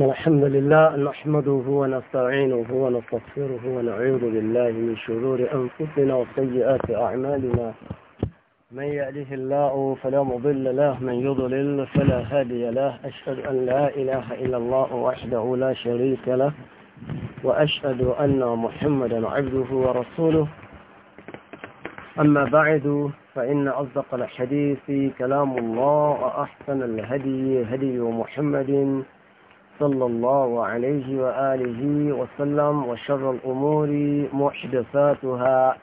إن الحمد لله نحمده ونستعينه ونستغفره ونعوذ بالله من شرور أنفسنا وسيئات أعمالنا من يأله الله فلا مضل له من يضلل فلا هادي له أشهد أن لا إله إلا الله وحده لا شريك له وأشهد أن محمدا عبده ورسوله أما بعد فإن أصدق الحديث كلام الله وأحسن الهدي هدي محمد صلى الله عليه وآله وسلم وشر الأمور محدثاتها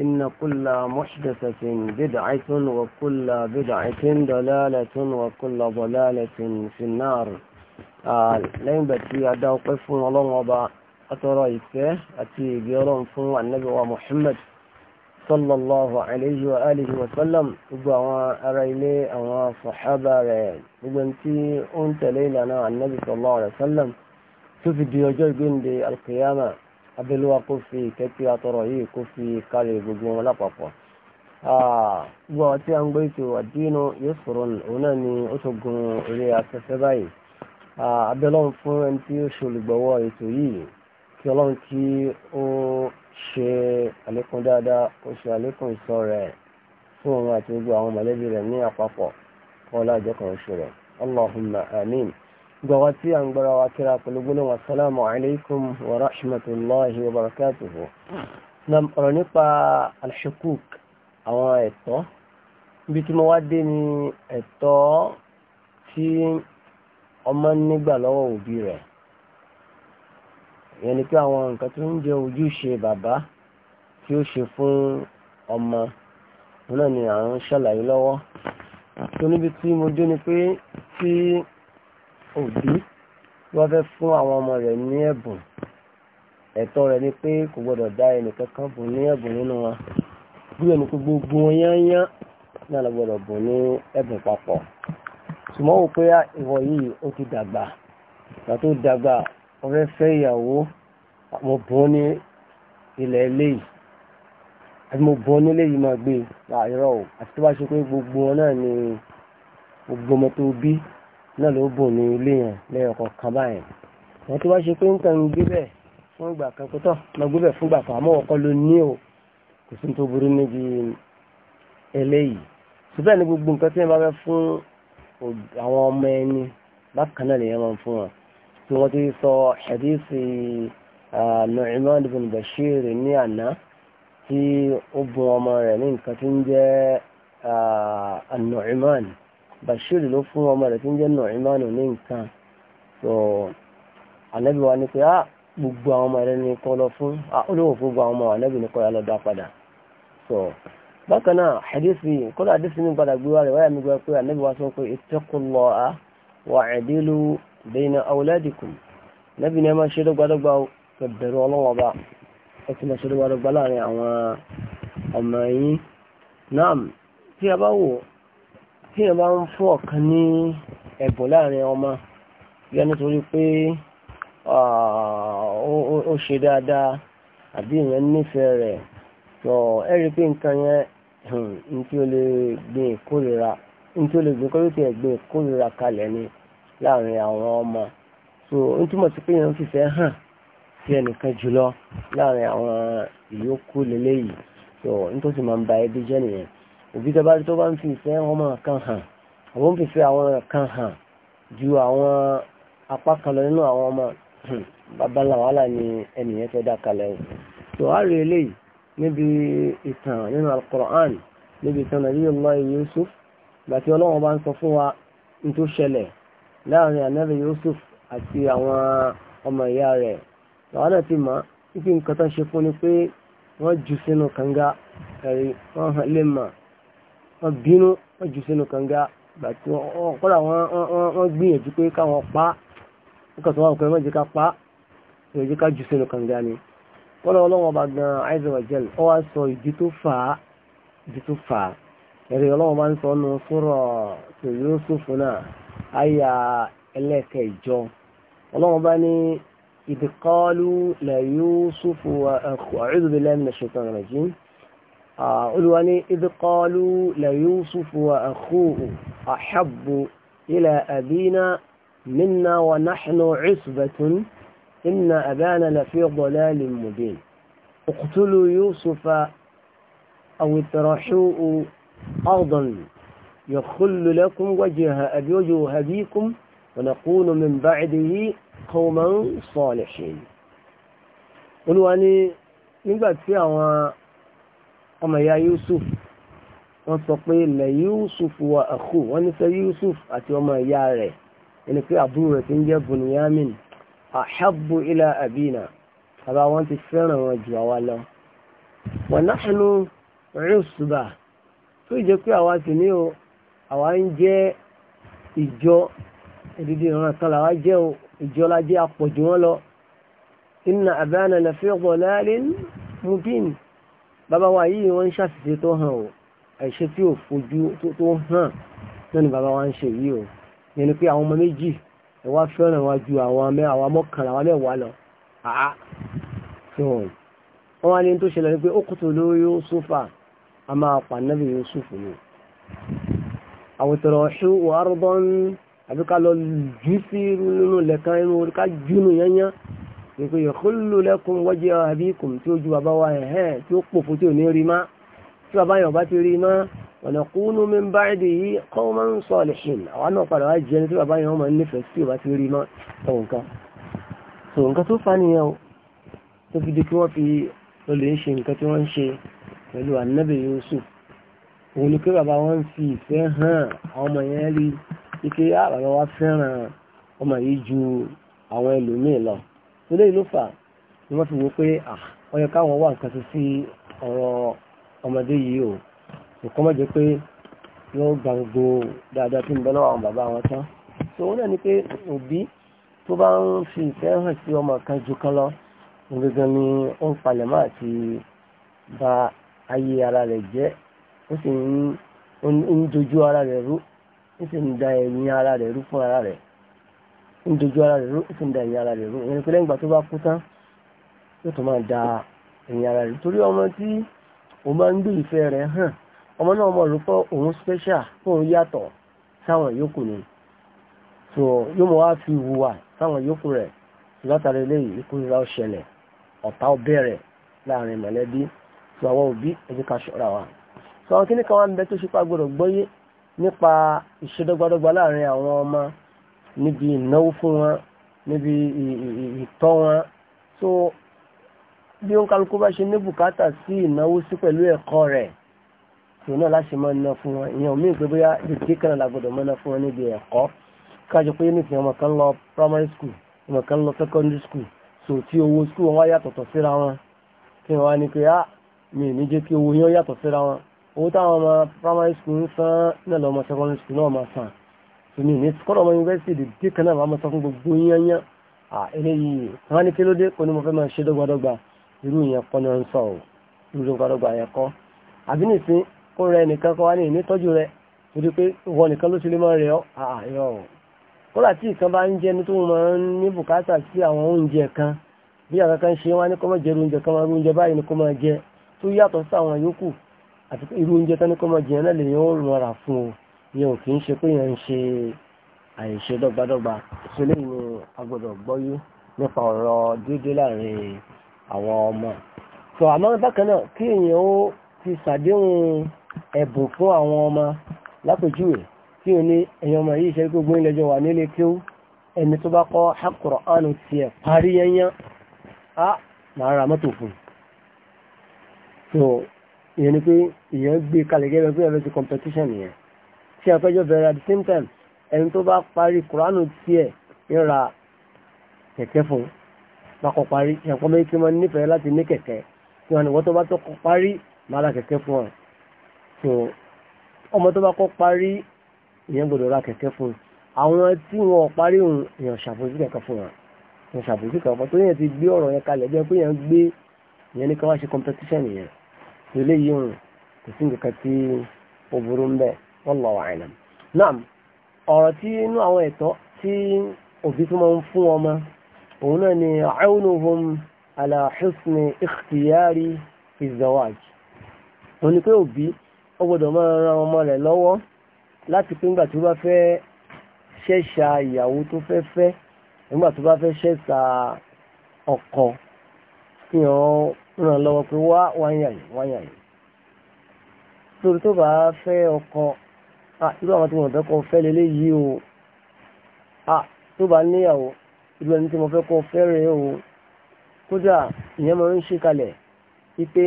إن كل محدثة بدعة وكل بدعة ضلالة وكل ضلالة في النار لين بتي أدعو قفون الله وبا أترى إكه أتي بيرون فون النبي ومحمد sallallahu alayhi wa alihi wa sallam gbogbo àwọn ará ilé àwọn sàhábà rẹ̀ gbogbo tí ó ń tẹ̀lé ìlànà ànábì sallallahu alayhi wa sallam tó fi di ọjọ́ ìgbéǹde alkiyama abẹ́lúwa kó fi ìkẹ́tì àtọ̀rọ̀ yìí kó fi kárí gbogbo wọn lápapọ̀ gbogbo àwọn tí a ń gbé ètò àdínú yóò sọ̀rọ̀ òun náà ni ó tó gun orí afẹ́fẹ́ báyìí abẹ́lọ́run fún ẹni tí ó ṣolùgbọ́wọ́ ètò yìí kí ọlọ́run kí ó ṣe àlékún dáadáa ó ṣe àlékún ìṣọ́ rẹ̀ fún òun àti gbogbo àwọn mọ̀lẹ́bí rẹ̀ ní àpapọ̀ kọ́lá ìjọkàn oṣù rẹ̀ allahumma amin gbọ̀wá tí a ń gbọ́ra wa kíra pẹ̀lú gbólóhùn assalamu alaikum wa rahmatulahi wa barakatuhu na ọ̀rọ̀ nípa alshukuk àwọn ẹ̀tọ́ ibi tí mo wá dé ni ẹ̀tọ́ tí ọmọ nígbà lọ́wọ́ òbí rẹ̀ ìyẹn ni pé àwọn nǹkan tó ń jẹ ojúṣe bàbá tí ó ṣe fún ọmọ náà ni à ń ṣàlàyé lọ́wọ́ tó níbi tí mo dé ni pé tí òbí wọ́n fẹ́ fún àwọn ọmọ rẹ̀ ní ẹ̀bùn ẹ̀tọ́ rẹ̀ ni pé kò gbọ́dọ̀ dá ẹnìkankan bùn ní ẹ̀bùn nínú wọn bí ẹni pé gbogbo wọn yányán ní àlọ́gbọ́dọ̀ bùn ní ẹ̀bùn papọ̀ ṣùgbọ́n pé ìwọ yìí ó ti dàgbà ìgbà tó dàgbà mo fẹ́ ìyàwó mo bọ́ ní ilẹ̀ eléyìí àti mo bọ́ nílé yìí máa gbé àìrọ̀ o àti tó bá ṣe pé gbogbo wọn náà ni gbogbo ọmọ tó bí náà ló bò ní ilé yẹn lẹ́yìn kọ̀ọ̀kan báyẹn wọn tó bá ṣe pé nǹkan ń gbé bẹ́ẹ̀ fún ìgbà kan kó tọ̀ máa gbé bẹ́ẹ̀ fún ìgbà kan àmọ́ ọkọ ló ní o kò sí tó burú níbi eléyìí ṣùgbọ́n ní gbogbo nǹkan tí wọ́n bá fẹ́ fún àwọn ọmọ ẹni bákan náà lè yẹn máa fún wọn tí wọ́n ti sọ hadithi Nu'man bin Bashir ní àná tí ó bùn ọmọ rẹ̀ ní nǹkan tí ń jẹ́ Nu'man Bashir ló fún ọmọ rẹ̀ tí ń jẹ́ Nu'man ní nǹkan so anabi wa ni pé á ah, gbogbo àwọn ọmọ rẹ̀ ní kọ́ lọ fún olówó ah, fún gbogbo àwọn ọmọ anabi ní kọ́ ya so bákan náà hadithi kọ́lá hadithi mi padà gbé mi gbọ́ pé anabi wa sọ pé ittaqullaha wa'dilu bayna awladikum nábì ní ẹ máa ṣe dọ́gbadọ́gba ẹbẹ̀rù ọlọ́wọ́ba ẹ ti máa ṣe dọ́gbadọ́gba láàrin àwọn ọmọ tí a bá wò tí a bá ń fún ní ẹ̀bùn láàrin ọmọ yẹn nítorí pé ṣe dáadáa àbí ìyẹn nífẹ̀ẹ́ rẹ̀ láàrin àwọn ọmọ so ń túmọ̀ sí pé èèyàn fìfẹ́ hàn sí ẹnìkan jùlọ láàrin àwọn ìyókù lélẹ́yìí so nítòsí máa ń ba ẹbí jẹ́ nìyẹn òbí tó bá tó bá ń fi ìfẹ́ ọmọ kan hàn àwọn ń fìfẹ́ àwọn kan hàn ju àwọn apá kan lọ nínú àwọn ọmọ hmm, babalá wàhálà ni ẹnìyẹn fẹ́ dá kalẹ̀ o so a rí eléyìí níbi ìtàn nínú al-Qur'an níbi ìtàn nàìjíríà Yusuf gbàtí ọlọ́wọ́n bá ń sọ fún wa ní tó ṣẹlẹ̀ láàrin anabi yusuf àti àwọn ọmọ ìyá rẹ̀ àwọn náà ti mọ̀ níbi nǹkan tó ń ṣe fún ni pé wọ́n jù sínú kànga ẹ̀rí wọ́n hàn lè mọ̀ wọ́n bínú wọ́n jù sínú kànga gbàtí wọ́n kọ́ra wọ́n gbìyànjú pé káwọn pa nǹkan tó wà pé wọ́n jẹ́ ká pa wọ́n jẹ́ ká jù sínú kànga ni kọ́ra ọlọ́wọ́n bá gan àìsàn ọ wá sọ ìdí tó fà á ìdí tó fà á ẹ̀rí ọlọ́run bá ń sọ ọ́nù sura tó Yusuf náà àyà ẹlẹ́kẹ̀ẹ́jọ ọlọ́run bá ní idh qalu la Yusuf wa a'udhu billahi minash shaitani rajim olùwà ní idh qalu la Yusuf wa akhuhu ahabbu ila abina minna wa nahnu isbatun inna abana lafi dalalin mubin أرضا يخل لكم وجه أبي وجه أبيكم ونكون من بعده قوما صالحين olúwa ní nígbà tí àwọn ọmọ ìyá yusuf wọ́n sọ pé ilẹ̀ yusuf wa àkú wọ́n ní sọ yusuf àti ọmọ ìyá rẹ̀ ẹni pé àbúrò rẹ̀ ti ń jẹ́ bunyamin ahabbu ila abina bàbá wọn ti fẹ́ràn wọn jù àwa lọ wa nahnu usba tó ìjẹ́ pé àwa sì ní o àwa ń jẹ́ ìjọ ìdíje ìran kan làwa jẹ́ o ìjọ la jẹ́ apọ̀jù wọn lọ inna abana la fi dhalalin mubin bàbá wa yìí wọ́n ń ṣàṣìṣe tó hàn o àìṣe tí ò fojú tó hàn náà ni bàbá wa ń ṣe yìí o yẹn ni pé àwọn ọmọ méjì ẹ wá fẹ́ràn wa ju àwọn mọ́kànlá àwọn mẹ́wàá lọ àá fi hàn wọ́n wá ní tó ṣẹlẹ̀ ni pé ó kùtù lórí ó sófà a máa pa nábì Yusuf ni àwòtọ̀rọ̀ ṣú wà rọ́bọ́ ń àbí ká lọ jù sí nínú lẹ́kan inú orí ká jù nù yányá ìpè ìkúlù lẹ́kùn wọ́jẹ́ àbíkùn tí ó ju bàbá wa ẹ̀hẹ́n tí ó pòfò tí ò ní rí má tí bàbá yẹn ọba ti rí má ọ̀nà kúnnú mi ń bá èdè yìí kọ́ máa ń sọ ọ̀lẹ́sìn àwa náà padà wá jẹ́ tí bàbá yẹn ọmọ nífẹ̀ẹ́ sí ọba ti rí má ẹ̀wọ̀n kan so nǹkan tó fa nìyẹn o tó fi di kí wọ́n fi olè ń ṣe nǹkan tí wọ́n ń ṣe pẹ̀lú ànábì Yusuf òun ni pé bàbá wọn ń fi ìfẹ́ hàn àwọn ọmọ yẹn rí ike á ah, bàbá wa fẹ́ràn ọmọ yìí ju àwọn ẹlòmíì lọ tó lè ló fà ni wọ́n fi wò pé ah, ó yẹ káwọn wà nǹkan sí ọ̀rọ̀ ọmọdé yìí o kò má jẹ́ pé yóò gba gbogbo dáadáa tí ń bẹ lọ́wọ́ àwọn bàbá wọn tán tó wọn náà ni pé òbí tó bá ń fi ìfẹ́ hàn sí ọmọ kan ju kan lọ gbogbo ni ó ń palẹ̀mọ́ àti bá ayé ara rẹ̀ jẹ́ ó sì ń dojú ara rẹ̀ rú ó sì ń da ẹ̀yìn ara rẹ̀ rú fún ara rẹ̀ ń dojú ara rẹ̀ rú ó sì ń da ẹ̀yìn ara rẹ̀ rú ìyẹn ni pé lẹ́yìn ìgbà tó bá kú tán yóò tún máa da ẹ̀yìn ara rẹ̀ torí ọmọ tí òun máa ń gbé ìfẹ́ rẹ̀ hàn ọmọ náà mọ̀ rò òun special fóun yàtọ̀ sáwọn yòókù ni so yóò mọ̀ wá fi hùwà sáwọn yòókù rẹ̀ látàrí eléyìí ikú ìlà ọ̀ṣẹlẹ̀ ọ̀tá ọbẹ̀ rẹ̀ láàrin mọ̀lẹ́bí tó àwọn òbí ẹ̀jẹ̀ ká ṣọ́ra wa tó àwọn kíní kan bẹ tó ṣe pa gbọ́dọ̀ gbọ́yé nípa ìṣedọ́gbadọ́gba láàrin àwọn ọmọ níbi ìnáwó fún wọn níbi ìtọ́ wọn tó bí ó ń kálukú bá ṣe ní bùkátà sí ìnáwó sí pẹ̀lú ẹ̀kọ́ rẹ̀ tó náà láṣẹ máa ná fún wọn ìyẹn òmíì pé bóyá dèké kan là gbọ́dọ̀ máa fún wọn níbi ẹ̀kọ́ kájọ pé nífẹ̀ẹ́ ọmọ kan lọ primary school ọmọ kan lọ secondary school so tí owó school wọn wá yàtọ̀tọ̀ síra wọn kí wọn wá ní pé ah mi ní jẹ́ kí owó yẹn yàtọ̀ síra wọn owó táwọn ọmọ primary school ń san náà lọ́mọ secondary school náà máa san tó mi ní kọ́dọ̀ ọmọ university dìde kan náà máa sọ fún gbogbo yányán à eléyìí wọn ní kí ló dé kó ní mo fẹ́ máa ṣe dọ́gbadọ́gba irú ìyẹn kọ́ ni wọ́n ń sọ ọ́ irú dọ́gbadọ́gba yẹn kọ́ àbí nìsín kó rẹ nìkan kọ́ wá ní ìnítọ́jú rẹ torí pé ìwọ nìkan ló ti lè máa rẹ ọ́ àyọ̀ kódà tí ìkan bá ń jẹnu tó máa ní tó yàtọ̀ sí àwọn yòókù àti irú oúnjẹ tán ní kọ́mọ jìyàn náà lè yàn ó rọra fún o yẹn ò kì í ṣe pé yẹn ń ṣe àìṣe dọ́gbadọ́gba ìṣẹ̀lẹ̀ yìí ni a gbọ́dọ̀ gbọ́yé nípa ọ̀rọ̀ déédé láàrin àwọn ọmọ. sọ àmọ́ bákan náà kí èèyàn ó ti ṣàdéhùn ẹ̀bùn fún àwọn ọmọ lápèjúwe kí o ní ẹ̀yàn ọmọ yìí ṣe gbogbo ìlẹ́jọ wà nílé kí ó ẹni tó bá kọ́ Al-Qur'an tiẹ̀ parí yẹnyẹn á màá ra mọ́tò fún un so ìyẹn ni pé ìyẹn gbé kalẹ̀ gẹ́gẹ́ pé ẹ̀fẹ́ ti competition yẹn tí a fẹ́jọ́ bẹ̀rẹ̀ at the same time ẹni tó bá parí kuranu tiẹ̀ ń ra kẹ̀kẹ́ fún lákọ̀ parí ṣàpọ̀ mẹ́rin kí wọ́n nífẹ̀ẹ́ láti ní kẹ̀kẹ́ tí wọ́n ní wọ́n tó bá tó kọ́ so ọmọ tó bá kọ́ parí ìyẹn gbọ́dọ̀ ra kẹ̀kẹ́ fún àwọn tí wọ́n parí òun èèyàn ṣàbòsí kẹ̀kẹ́ fún wọn èèyàn ṣàbòsí kẹ̀kẹ́ fún wọn tó yẹn ti gbé ọ̀rọ̀ yẹn kalẹ̀ bí ẹ pé yẹn gbé ìyẹn ní ká wá ṣe competition yẹn eléyìí hàn kò sí nǹkan tí ó burú ń bẹ wallahu a'lam. náà ọ̀rọ̀ tí inú àwọn ẹ̀tọ́ tí òbí tó máa ń fún ọmọ òun náà ni a'awnuhum ala husni ikhtiyari fi zawaj òun ni pé òbí ó gbọ́dọ̀ máa ran ọmọ rẹ̀ lọ́wọ́ láti pé ńgbà tó bá fẹ́ ṣẹ̀ṣà ìyàwó tó fẹ́ fẹ́ nígbà tó bá fẹ́ ṣẹ̀ṣà ọkọ kí wọ́n ràn lọ́wọ́ pé wá wáyàn wáyàn torí tó bá fẹ́ ọkọ irú àwọn tí wọ́n fẹ́ kọ́ fẹ́ lélẹ́ yìí o tó bá níyàwó irú ẹni tí mo fẹ́ kọ́ fẹ́ rẹ̀ o kódà ìyẹn mo ń ṣe kalẹ̀ ipe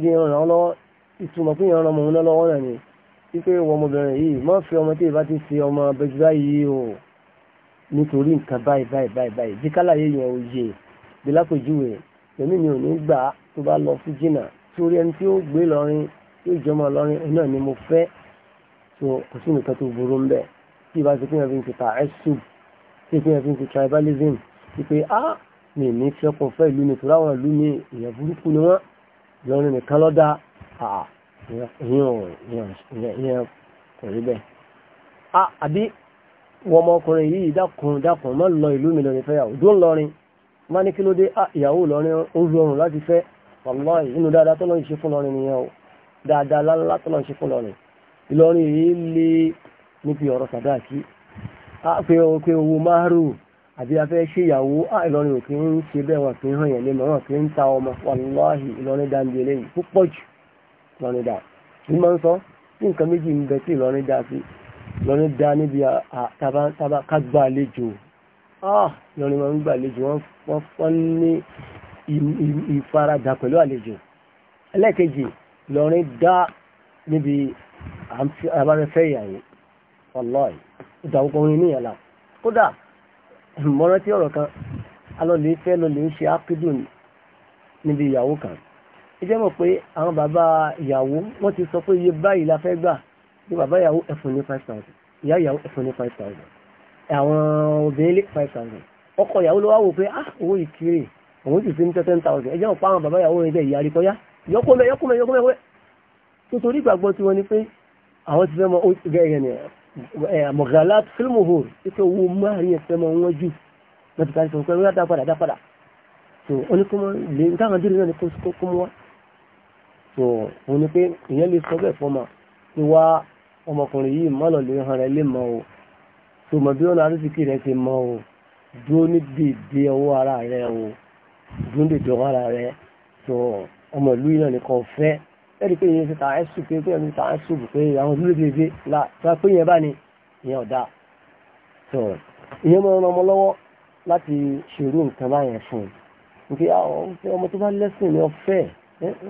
bí lọ́wọ́ ìtumọ̀ pé ìyẹn lọ́wọ́ rẹ̀ ni ipe wọ ọmọbìnrin yìí má fi ọmọ tí ìbá ti fi ọmọ abẹ́júdá yìí o nítorí nǹkan báyìí báyìí báyìí èmi ni ò ní gbà tó bá lọ sí jìnnà sórí ẹni tí ó gbé lọrin tí ó jọmọ lọrin ẹ náà ni mo fẹ́ tó kò sí nìkan tó burú ń bẹ tí ìbá ti pínyàn fi ń ti ta ẹ̀sùn tí ìpínyàn fi ń ti tribalism wípé á mi ní fẹ́kùn fẹ́ ìlú mi tòláwọn ìlú mi èèyàn burúkú ni wọ́n lọrin nìkan lọ́dà ìyẹn kò rí bẹ́ẹ̀. àbí wọ́n ọmọkùnrin yìí dákun dákun má lọ ìlú mi lọ́rin fẹ́yàwó dún lọ́rin má ní kí ló dé ah, ìyàwó lọ́rin ó rọrùn láti fẹ́ wàláì inú dáadáa tó lọ́rin ṣe fún lọ́rin nìyẹn o dáadáa láńlá tó lọ́rin ṣe fún lọ́rin ìlọrin yìí lé níbi ọ̀rọ̀ sàdáàkì pé owó máàrù àbí afẹ́ ṣe ìyàwó ah, ìlọrin ò kí ń ṣe bẹ́ẹ̀ wọn kì í hàn yẹn lé mọ́ wọn kì í ta ọmọ wàláì ìlọrin dá níbi púpọ̀ jù lọ́rin dá ní máa ń sọ ní nǹkan méjì ń bẹ tí ìlọrin dá sí ìlọrin dá níbi lọ́rin ah, máa ń gbà àlejò wọ́n fọ́n ní ìfaradà pẹ̀lú àlejò ẹlẹ́ẹ̀kejì lọ́rin dá níbi abáfẹ́fẹ́ ìyàwó ọlọ́ọ̀ ìdàgbọ́n orin ní ìyàlá kódà mọ́rán tí ọ̀rọ̀ kan alọ́lẹ̀ fẹ́ lọ́lẹ̀ ń ṣe ápídù níbi ìyàwó kan ẹjẹ́ mọ̀ pé àwọn bàbá ìyàwó wọ́n ti sọ pé iye báyìí la fẹ́ gbà ní bàbá ìyàwó ẹ̀fún ní five thousand ìyá ìyàwó ẹ̀fún ní five thousand àwọn obìnrin lé five thousand ọkọ ìyàwó ló wá wò pé ah owó ìkiri òun sì fi ní ten thousand ẹ jẹ́ òpá àwọn bàbá ìyàwó rẹ̀ bẹ́ẹ̀ ìyá àríkọ́yá yọkùnmẹ́ yọkùnmẹ́ yọkùnmẹ́ nítorí ìgbàgbọ́ tí wọ́n ní pé àwọn ti fẹ́ mọ gẹ́gẹ́ ni mọ̀gàlá fílmù hù títí owó márùn-ún ẹ̀fẹ́ mọ wọ́n jù lọ́ti ká sọ pé wọ́n yá dápadà dápadà so ó ní kó mọ lè ní káwọn dìrì náà ní kó kó mú wá so òun ni pé ìyẹn lè sọ bẹ́ẹ̀ fọ́mà wá ọmọkùnrin yìí má hàn rẹ̀ lè mọ o tó mọ̀ bí ọ̀nà àrísìkí rẹ̀ ti mọ́ o dúró ní dèdè ọwọ́ ara rẹ̀ o dúró ní dèdè ọwọ́ ara rẹ̀ tó ọmọ ìlú yìí náà nìkan fẹ́ ẹ̀rí pé ìyẹn ti tàn ẹ́sù pé pé ẹ̀mí tàn ẹ́sù pé àwọn ìlú lédèdè la tó pé yẹn bá ní ìyẹn ọ̀dà tó ìyẹn mọ̀ ọmọ lọ́wọ́ láti ṣerú nǹkan báyẹn fún un nítorí ọmọ tó bá lẹ́sìn ní ọ̀fẹ́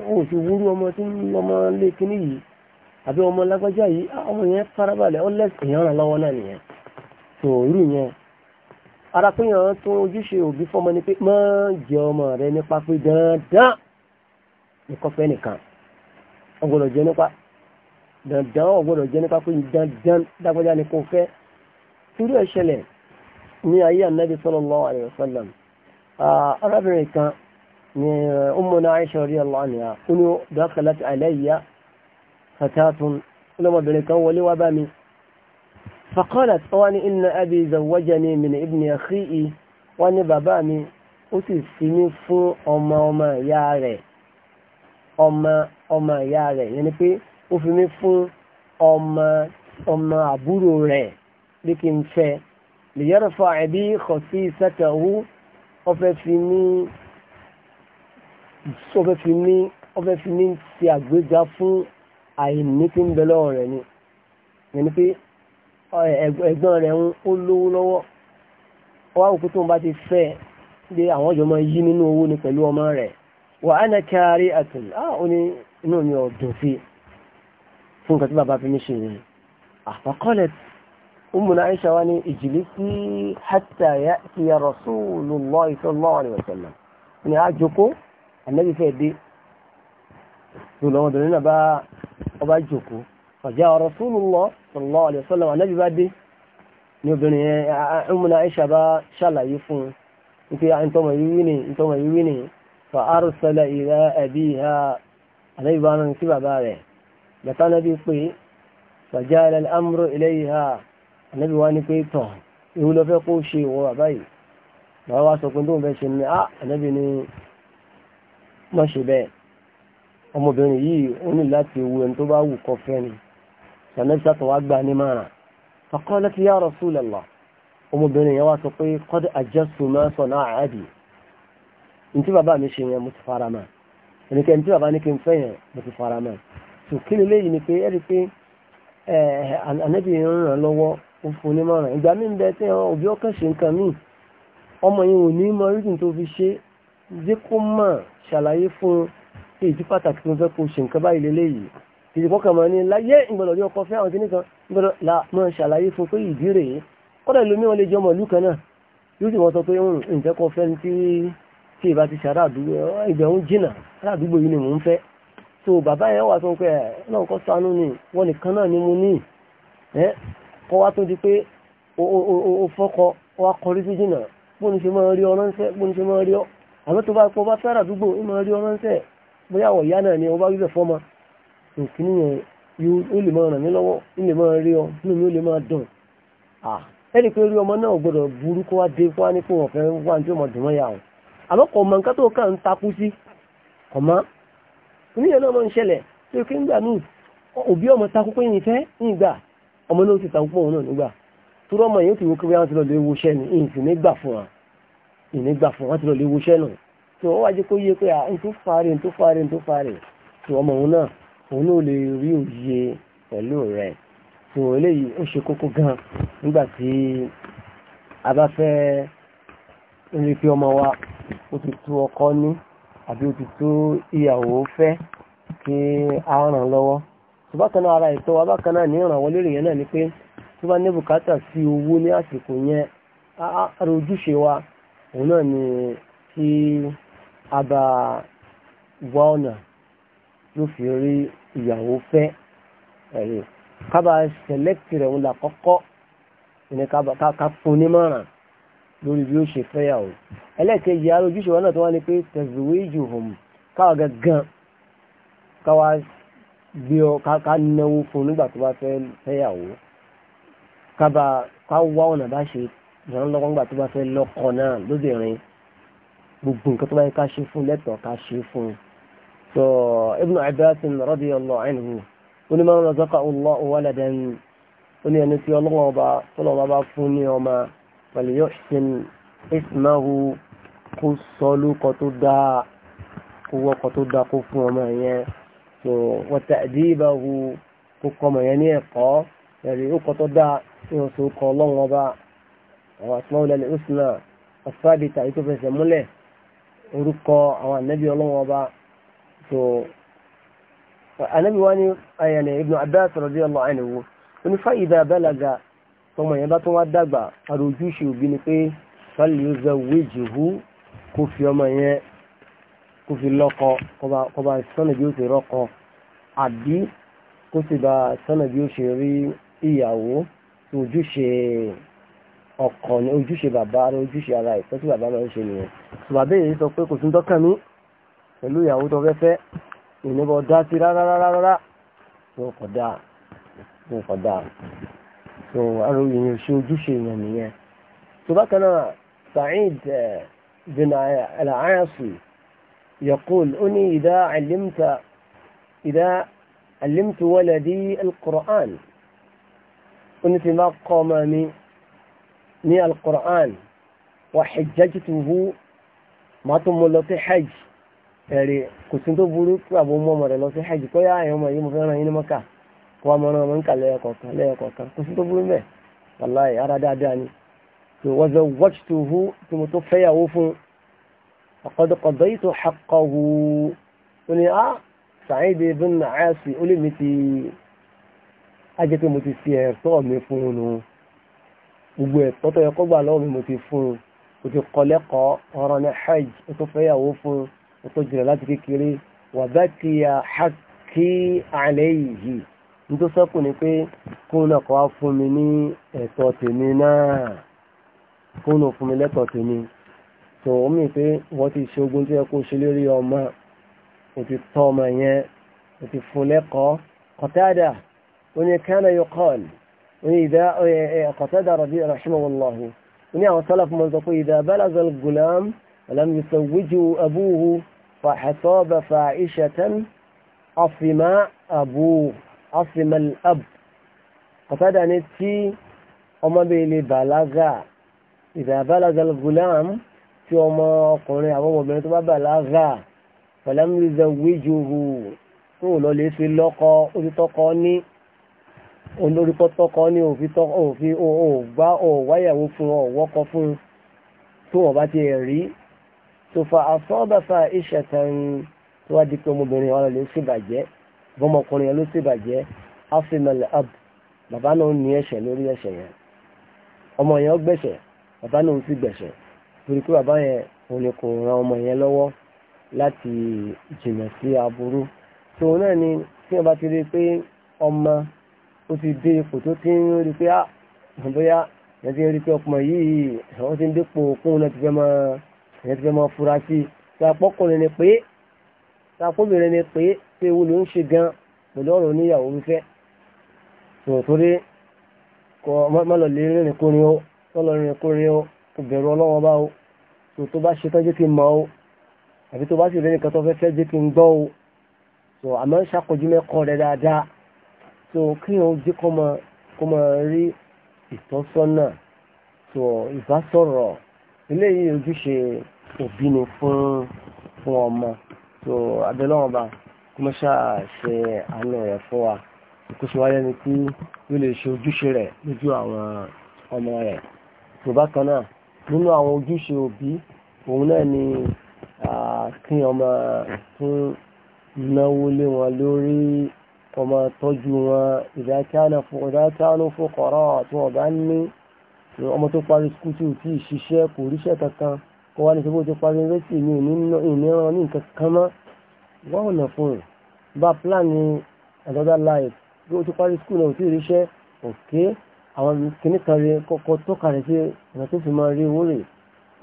ó sì wúrú ọmọ tí ọmọ lé kíní yìí àbí ọmọ lágbájá yìí ọmọ yẹn farabalẹ̀ ọ lẹ́sìn ìyẹn ràn lọ́wọ́ náà nìyẹn tó irú yẹn ara pé yàn tún ojúṣe òbí fọmọ ni pé mọ́ jẹ ọmọ rẹ nípa pé dandan nìkan fẹ́ nìkan ọgbọ́dọ̀ jẹ nípa dandan ọgbọ́dọ̀ jẹ nípa pé dandan dágbọ́já ni kò fẹ́ irú ẹ̀ ní ayé ànábi sallallahu alaihi wasallam arábìnrin kan ni uh, ummuna Aisha radiyallahu anha ó ní dakhalat alayya fatatun ọlọ́mọbìnrin kan wọlé wá bá mi فقالت أواني إن أبي زوجني من ابن أخيه وأني بابامي أتسمي فو أما أما ياري أما أما ياري يعني في أفمي فو أما أما أبورو ري لكن في ليرفع بي خصيصته أففني أففني أففني سيأجوزا فو أي نتن بلورني يعني في ẹ̀gbọ́n rẹ̀ ń lówó lọ́wọ́ wá òkú tó ń bá ti fẹ́ bí àwọn ọjọ́ máa yí nínú owó ni pẹ̀lú ọmọ rẹ̀ wà á nà kárí àtùn á ó ní inú mi ò dùn sí fún nǹkan tí bàbá fi mí ṣe yìí àfọkọ́lẹ̀ Ummuna Aisha wa ní ìjìlí sí hatta ya'tiya a jòkó ànábì fẹ́ dé lọ́wọ́dọ̀ nínú ọba ọ̀já ọ̀rọ̀ Rasulullah sallallahu alaihi wasallam anábì bá dé ní obìnrin yẹn Ummuna Aisha bá ṣàlàyé fún un nítorí àìntọ́mọ̀ ah, yìí ni ìntọ́mọ̀ yìí ni fa arsala ila abiha anábì bá rán sí bàbá rẹ̀ bàtà náà bí pé fajala al-amru ilayha anábì wá ní pé tọ̀ ìwú lọ fẹ́ kó ṣe ìwọ bàbá yìí bàbá wa sọ pé tó ń fẹ́ ṣe ni ah anábì ni mọ̀ ṣe bẹ́ẹ̀ ọmọbìnrin yìí ó ní láti wu ẹni tó bá wù kọ́ fẹ́ ni sànẹ́bísà tó wá gbà ní mara faqalat ya Rasulallah ọmọbìnrin yẹn wá sọ pé qad ajastu ma sana'a abi ntí bàbá mi ṣe yẹn mo ti fara mọ́ ẹnikẹ́ni tí bàbá ní kí n fẹ́ yẹn mo ti fara mọ́ tó kí ni léyìí ni pé ẹ̀rí pé ànábì ń ràn lọ́wọ́ ó fún ní mara ìgbà mi ń bẹ tí òbí ọkàn ṣe nǹkan míì ọmọ yẹn ò ní mọ rídùn tó fi ṣe jẹ́ kó mọ̀ ṣàlàyé fún èyí pàtàkì tó fẹ́ kó ṣe nǹkan báyìí lélẹ́yìí kìí fọ́kàn mọ́ ní láyé ìgbọ̀dọ̀ ní ọkọ̀ fẹ́ àwọn kìíní kan gbọ́dọ̀ la mọ́ ṣàlàyé fún pé ìdí rèé kọ́dọ̀ ìlúmí wọn lè jọmọ̀ ìlú kan náà yóò sì wọ́n sọ pé ń ǹjẹ́ kọ́ fẹ́ tí tí ìbá ti ṣàrà àdúgbò ìbẹ̀rún jìnà aládùúgbò yìí ni mò ń fẹ́ so bàbá yẹn wà sọ pé náà kọ́ ṣàánú ni wọn nìkan náà ni mo ní ẹ kọ́ wá tó di pé o fọ́kọ wa kọrí sí jìnà bó ni ṣe máa rí ọ ránṣẹ́ bó ni ṣe máa rí ọ àmọ́ tó bá kọ́ bá fẹ́ àdúgbò òkìní yẹn ó lè máa ràn mí lọ́wọ́ lè máa rí ọ inú mi ó lè máa dùn ẹni pé rí ọmọ náà gbọdọ̀ burú kó wá dé wá ní fún ọ̀fẹ́ wá ní ọmọ dùnmọ́ yà ọ́ àmọ́ kò mọ nǹkan tó kà ń takú sí náà ń ṣẹlẹ̀ tó kí ń gbà ọmọ takú pé yìí fẹ́ ń ọmọ náà ti takú náà nígbà tó ó ti wo kí wọ́n ti lọ ni ìyìn sì fún wa ìyìn fún wa ti lọ tó wọ́n wájú òun ole lè rí òye pẹ̀lú rẹ̀ tó eléyìí ó ṣe kókó gan nígbà tí a bá fẹ́ rí pé ọmọ wa ó ti tó ọkọ ní àbí ó ti tó ìyàwó fẹ́ kí a ràn lọ́wọ́ tó ara ìtọ́ wa bákan iran ní ìrànwọ́ lérè yẹn náà ni pé tó bá ní bùkátà sí owó ní àsìkò yẹn ara ojúṣe wa òun náà ni kí a bá wá ọ̀nà yóò fi rí ìyàwó fẹ́ ẹ̀yìn kábà sẹ̀lẹ́kìtì rẹ̀ ń là kọ́kọ́ ní ká fún nímọ̀ràn lórí bí ó ṣe fẹ́yàwó ẹlẹ́ẹ̀kejì ara ojúṣe wọn náà tó wá ní pé tẹ̀síwéjì hùm káwa gangan káwa gbé ọ ká náwó fún nígbà tó bá fẹ́ fẹ́yàwó kábà ká wá ọ̀nà bá ṣe ràn gbogbo nǹkan tó bá ká ṣe fún lẹ́tọ̀ọ́ ká ṣe fún un فابن عباس رضي الله عنه ولما رزقه الله ولدا ولي أن في الله الله عليه وسلم وليحسن اسمه قصلو قطدا هو قطدا قف وما وتأديبه قم ينيقا يعني قطدا يسوق الله با وأسماء الحسنى الثابتة يتفسم له orúkọ àwọn ànẹ́bí الله ọba so anabi wa ni ayẹnẹ eh, ibnu abbas radiyallahu anhu oní fáyidà balaga ọmọ yẹn bá tún wá dàgbà àròjúṣe òbí ni pé falyuzawwijhu kò fi ọmọ yẹn kò fi lọ́kọ kò bá sọ́nà bí ó ti rọ́kọ àbí kó sì bá sọ́nà bí ó ṣe rí ìyàwó tó ojúṣe ọkọ ní ojúṣe bàbá ojúṣe ara ìfẹ́ tí bàbá máa ń ṣe nìyẹn. bàbá yìí sọ pé kò sí dọ́kàn mi pẹ̀lú ìyàwó tó fẹ́fẹ́ ìníbọ̀ dá sí rárárárá tó kọ̀dá tó kọ̀dá tó aróyìn ṣe ojúṣe èèyàn nìyẹn tó bákan náà Sa'id eh, bin al-Aasi يقول أني إذا علمت إذا علمت ولدي القرآن أني فيما قامني من القرآن وحججته ما تم حج ẹ̀rí kò sí tó burú àbò mú ọmọ rẹ̀ lọ sí hajj kọ́ yá àyàn maka yìí mo fẹ́ ràn yín ní mọ́kà kó wa mọ ọmọ kò sí tó burú mẹ́ ara dáadáa ni tó wọ́n zọ wọ́ch tó hu tí mo tó fẹ́yàwó fún ọ̀kọ̀dọ̀kọ̀dọ̀ yìí tó hakọ̀ hu ó ní ah Sa'id ibn Asi ó lè mi ti ajẹ́ pé mo ti fi ẹ̀tọ́ mi fún un ó tọ́jú rẹ̀ láti kékeré wà bá ti yà hákì àlẹ́ yìí ní tó sọ́kù ni pé kóun náà kọ́ wá fún mi ní ẹ̀tọ́ tèmi náà kóun náà fún mi lẹ́tọ̀ọ́ tèmi tó o mì pé wọ́n ti ṣe ogun tó yẹ kó ṣe lérí ọmọ o ti tọ́ ọmọ yẹn o ti fún lẹ́kọ̀ọ́ Qatada ó ní kánà yóò kọ́ọ̀lù إذا قتاد ربي رحمه الله ونعم السلف من تقول إذا بلغ الغلام لم يسوجه أبوه فحصاب فاعشة عصم أبوه عصم الأب قتادة نتي ọmọ bèèlè bàlágà ìdá bàlágà gulam tí ọmọ ọkùnrin àwọn obìnrin tó bá bàlágà pẹ̀lẹ́mìlìzẹ̀ wíjòhù tó lọ lè fi lọ́kọ orítọ́kọ ní olórúkọ tọ́kọ ní òfin òwáyàwó fún ọ̀wọ́kọ fún tó wọ́n bá ti rí tó fa àsọ́bàfà ìṣẹ̀tàn tó wá di pé ọmọbìnrin ọ̀rọ̀ ló sì bàjẹ́ bọ́mọkùnrin ló sì bàjẹ́ afimẹ̀lẹ̀ ab bàbá náà ní ẹ̀ṣẹ̀ lórí ẹ̀ṣẹ̀ yẹn ọmọ yẹn gbẹ̀ṣẹ̀ bàbá náà sì gbẹ̀ṣẹ̀ torí pé bàbá yẹn òun ni kò ran ọmọ yẹn lọ́wọ́ láti jìnà sí aburú tòun náà ni tí wọ́n bá ti rí i pé ọmọ ó ti dé ipò tó ti ń rí pé ah bóyá ẹ̀ ti rí i pé ọkùnrin yìí ó ìyẹn ti fẹ́ máa fura sí i tí apọ́kùnrin ni pé tí apọ́bìnrin ni pé tí ewu ló ń ṣe gan pẹ̀lú ọ̀rọ̀ oníyàwó fífẹ́ tòótórí kọ mọ́lọ̀ lè rìnrìn kúrin ó mọ́lọ̀ rìnrìn kúrin ó kò bẹ̀rù ọlọ́wọ́ bá o tó tó bá ṣe tán jẹ́ kí n mọ̀ o àbí tó bá sì rí nìkan tó fẹ́ fẹ́ jẹ́ kí n gbọ́ o tó àmọ́ ń ṣàkójú mẹ́kọ́ rẹ̀ dáadáa tó kí n jẹ́ kó mọ kó mọ rí ìtọ́sọ́nà tó ìbásọ̀rọ̀ eléyìí ojúṣe òbí ni fún fún ọmọ tó abẹ́lọ́wọ́n bá kó mọ́ ṣáà ṣe àánú rẹ̀ fún wa kó ṣe wáyé ni tí yóò lè ṣe ojúṣe rẹ̀ lójú àwọn ọmọ rẹ̀ tó bákan náà nínú àwọn ojúṣe òbí òun náà ni kí ọmọ fún náwó lé wọn lórí ọmọ tọ́jú wọn ìdákánú fún kọ̀rọ̀ tí wọ́n bá ní ọmọ tó parí skúl tí ò kò ríṣẹ́ kankan kó wá ní ṣe bó ti parí rétí mi ìníran ní nǹkan kan mọ́ wá ọ̀nà fún un bá pílánì another life bí ó ti parí skul náà ò tí ì ríṣẹ́ òkè àwọn kìnnì kan rẹ kọ́kọ́ tọ́ka rẹ̀ sí ọ̀nà tó fi máa rí owó rẹ̀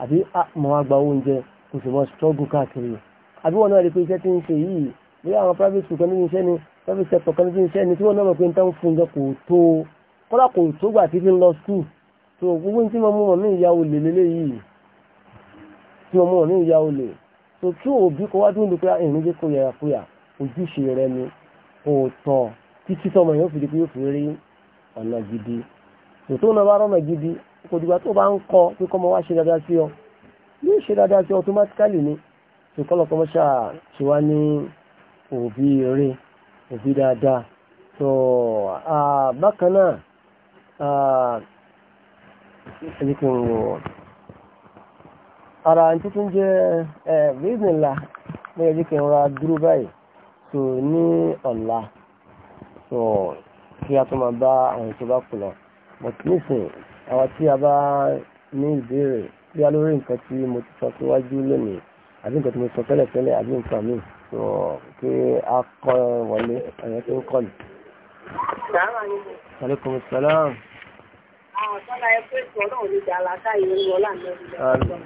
àbí mọ̀ àgbà oúnjẹ kò sì mọ̀ struggle káàkiri àbí wọn náà rí pé iṣẹ́ tí ń ṣe yìí bí àwọn private school kan ní iṣẹ́ ni private sector kan ní iṣẹ́ ni tí wọ́n náà mọ̀ pé ń tán fún jẹ kò tó kọ́lá kò tó gbà tí fi ń lọ skul tó gbogbo ní tí mo mú wọn ní ìyá olè lélẹ́yìí tí ọmọ ò ní ìyá olè tó tí òbí kọ́ wá dúró ní pé ah, ìrìn jẹ́ kó yẹra kúyà ojúṣe rẹ ni kò tọ̀ títí tọmọ yóò fi di pé yóò fi rí ọ̀nà gidi tó tó náà bá rọ́nà gidi kò dìgbà tó bá ń kọ pé kọ́mọ wá ṣe dáadáa sí ọ yóò ṣe dáadáa sí ọ automatically ni tó kọ́ lọ́kọ́ mọ́ṣá ṣe wá ní òbí rẹ òbí dáadáa tó bákan náà ẹni kò ń wọ̀ ara n tuntun jẹ́ ẹ bísíǹlá mo yẹ kí n ra dúró báyìí tó ní ọ̀la tó kí a tó máa bá àwọn tó bá kù lọ but nísìnyí àwọn tí a bá ní ìbéèrè bí a lórí nǹkan tí mo ti sọ síwájú lónìí àbí nǹkan tí mo sọ tẹ́lẹ̀ tẹ́lẹ̀ àbí nǹkan míì tó kí a kọ́ wọlé ẹ̀yẹ́ tó ń kọ́ ni. Aleykum salaam. Àwọn ọ̀sán la ẹ pé ìtọ́ náà ò ní dàlá káyé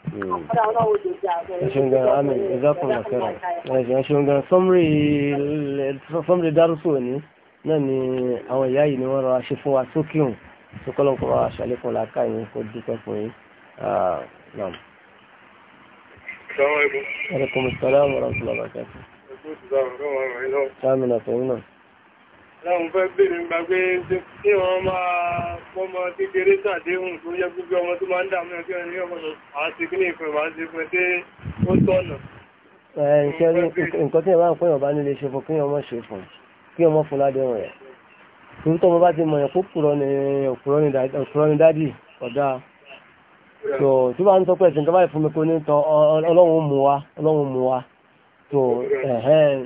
ṣungan amin ìzákun àkẹrọ ẹ̀ṣẹ̀ ṣungan sọmrí dárúsù ní náà ni àwọn ìyá yìí ni wọ́n rọra ṣe fún wa sókíùn tó kọ́lọ́kọ́ wa ṣàlékún làákà yìí kó dúpẹ́ fún yìí náà. Assalamu alaikum. Wa alaikum assalam wa rahmatullahi wa barakatuh. Sáàmì nàfẹ̀yìn náà láwọn fẹ́ bèèrè ń gbàgbé tí wọ́n máa pọ́mọ kékeré sàdéhùn tó yẹ gbogbo ọmọ tó máa ń dààmú ẹgbẹ́ ẹni ọmọdé àti kí ní ìfẹ́ wá sí fún tí ó tọ̀nà. nǹkan tí ẹ bá ń pè ọba nílé ṣe fún kí ọmọ ṣe fún kí ọmọ fún ládéhùn rẹ̀ torí tọmọ bá ti mọ yẹn kó kúrọ ní ọ̀kúrọ ní dádì ọ̀dà tó tí bá ń tọ́ pẹ̀sì nǹkan báyìí fún mi kó ní tọ ọlọ́run mú wa ọlọ́run mú wa tó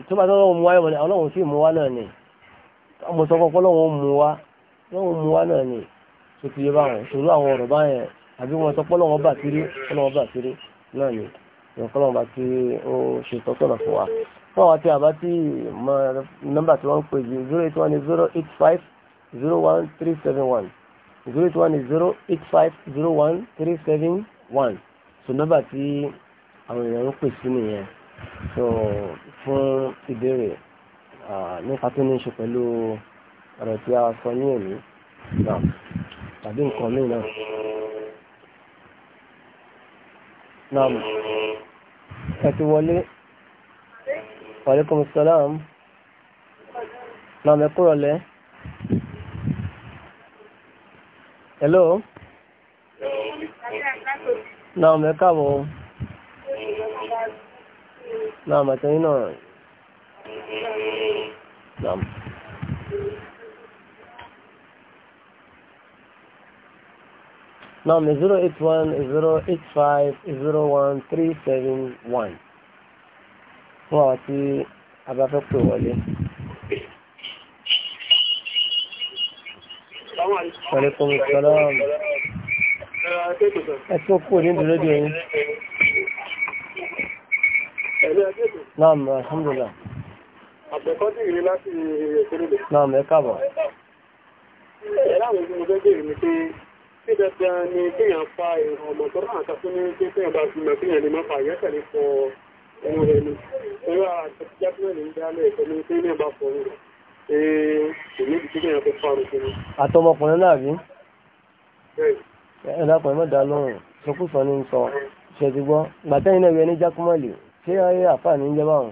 tó bá tọ́ ọlọ́run mú wa ọlọ́run sì mú wa náà ni mo sọ pé ọlọ́wọ́n mú wa ọlọ́wọ́n mú wa náà ni tó ti yé báwọn ìṣòro àwọn ọ̀rọ̀ báyẹn àbí wọn sọ pé ọlọ́wọ́n bà kiri ọlọ́wọ́n bà kiri náà ni ìrọ̀kọ́lọ́wọ́n bá ti ó ṣe tọ́sọ̀nà fún wa fún àwọn tí a bá mọ nọ́mbà tí wọ́n ń pè yìí zero eight one zero eight five zero one three seven one zero eight one zero eight five zero one three seven one so nọ́mbà tí àwọn èèyàn ń pè sí nìyẹn so fún ìbéèrè. Ah, nípa tó ní ṣe pẹ̀lú ọ̀rọ̀ tí a sọ ní òní náà tàbí nǹkan míì náà. Naam. Ẹ ti wọlé. Wa alaikum salaam. Naam ẹ lẹ́. Hello. Naam ẹ káàbọ̀. Naam àtẹ̀yìn náà. Islam. Number 081-085-01371. Fún àwọn tí a bá fẹ́ pè wọlé. Pẹ̀lú kòmí sọ́lá ọ̀mù. Ẹ tí ó kú ní ìdúró di ẹyin. Náà mọ̀, alhamdulillah. Àpẹ̀kọ́dì rí láti ìrìnlẹ̀. Náà mẹ́kàbọ̀. Ẹ̀rá àwọn ìgbìmọ̀ tó gbèrè ní pé tí dandan ni kíyàn fa ìrọ̀ ọmọ tó ráhàn sàtún ní pé kíyàn bá fi mọ̀ kíyàn ní máa fà yẹ́ tẹ̀lé fọ ẹnu rẹ̀ ni. Ẹwà àtẹ̀jáfẹ́ ní ìdálẹ̀ ìtọ́ni tí ní ọba fọ rẹ̀. Ee, èmi ti kíyàn fi fa rùkú ni. Àtọmọkùnrin náà rí. Ẹ̀dá kan mẹ́ta lọ́rùn, sọkúsọ ní sọ, ṣẹ̀dúgbọ́n, gbàtẹ́yìn náà rí jákúmọ̀lì, ṣé ayé àfáà ní ń jẹ́ báwọn?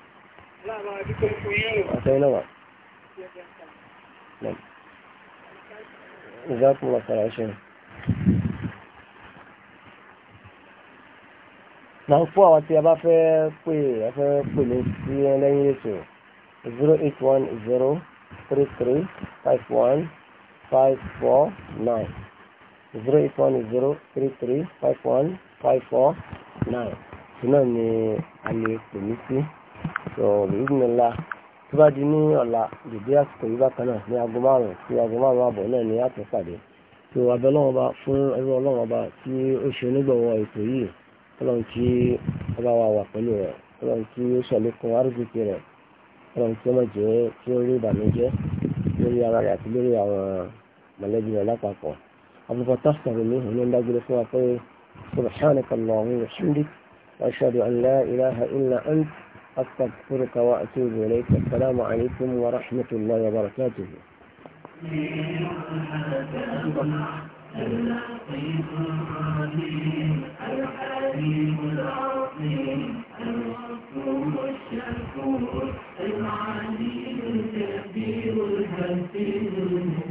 أعطيناها نعم جزاكم الله خير عشان náà fún àwọn tí a bá fẹ́ pè a fẹ́ pè ní sí ẹlẹ́yìn ètò zero eight one zero three three five one five four nine zero eight one zero three three five one five four nine ìnáà ni a lè pè mí sí sọ bìbìmìlá tó bá di ní ọ̀la dèdè àsìkò yìí bákan náà ní aago márùn-ún sí aago márùn-ún àbọ̀ náà ní àtún pàdé tó abẹ́ ọlọ́run bá fún ẹrú ọlọ́run bá tí ó ṣe onígbọ̀wọ́ ètò yìí ọlọ́run tí ọba wa wà pẹ̀lú rẹ̀ ọlọ́run tí ó ṣàlékún arúgbìkì rẹ̀ ọlọ́run tí ó má jẹ́ tí ó rí ìbànújẹ́ lórí ara rẹ̀ àti lórí àwọn mọ̀lẹ́bí rẹ̀ lápapọ̀ àbúkọ tásítọ̀rọ̀ mi ìhùn ní fún wa pé subhanaka Allahumma أستغفرك وأتوب إليك السلام عليكم ورحمة الله وبركاته اللطيف الرحيم الحليم العظيم الشكور العليم الكبير